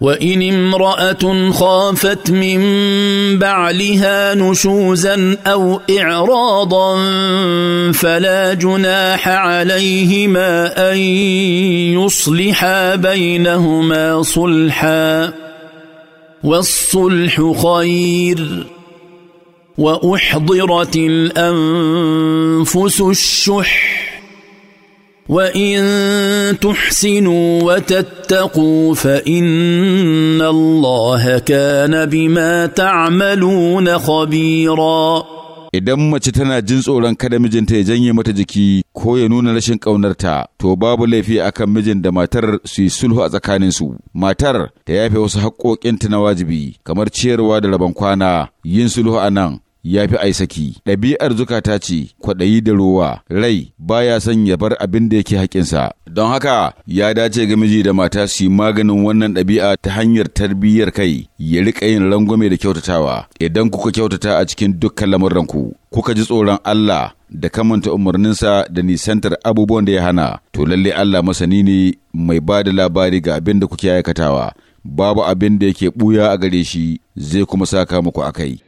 وان امراه خافت من بعلها نشوزا او اعراضا فلا جناح عليهما ان يصلحا بينهما صلحا والصلح خير واحضرت الانفس الشح وان تحسنوا وتتقوا فان الله كان بما تعملون خبيرا idan mace tana jin tsoron kada mijinta ya janye mata jiki ko ya nuna rashin ƙaunarta to babu laifi akan mijin da matar su yi sulhu a tsakaninsu matar ta yafe wasu haƙoƙinta na wajibi kamar ciyarwa da rabon kwana yin sulhu a nan ya fi ai saki ɗabi'ar zukata ce kwaɗayi da ruwa rai baya son ya bar abin da yake haƙinsa don haka ya dace ga miji da mata su yi maganin wannan ɗabi'a ta hanyar tarbiyyar kai ya riƙa yin rangwame da kyautatawa idan kuka kyautata a cikin dukkan lamuranku kuka ji tsoron Allah da kamanta umarninsa da nisantar abubuwan da ya hana to lalle Allah masani ne mai ba da labari ga abin da kuke aikatawa babu abin da yake buya a gare shi zai kuma saka muku akai.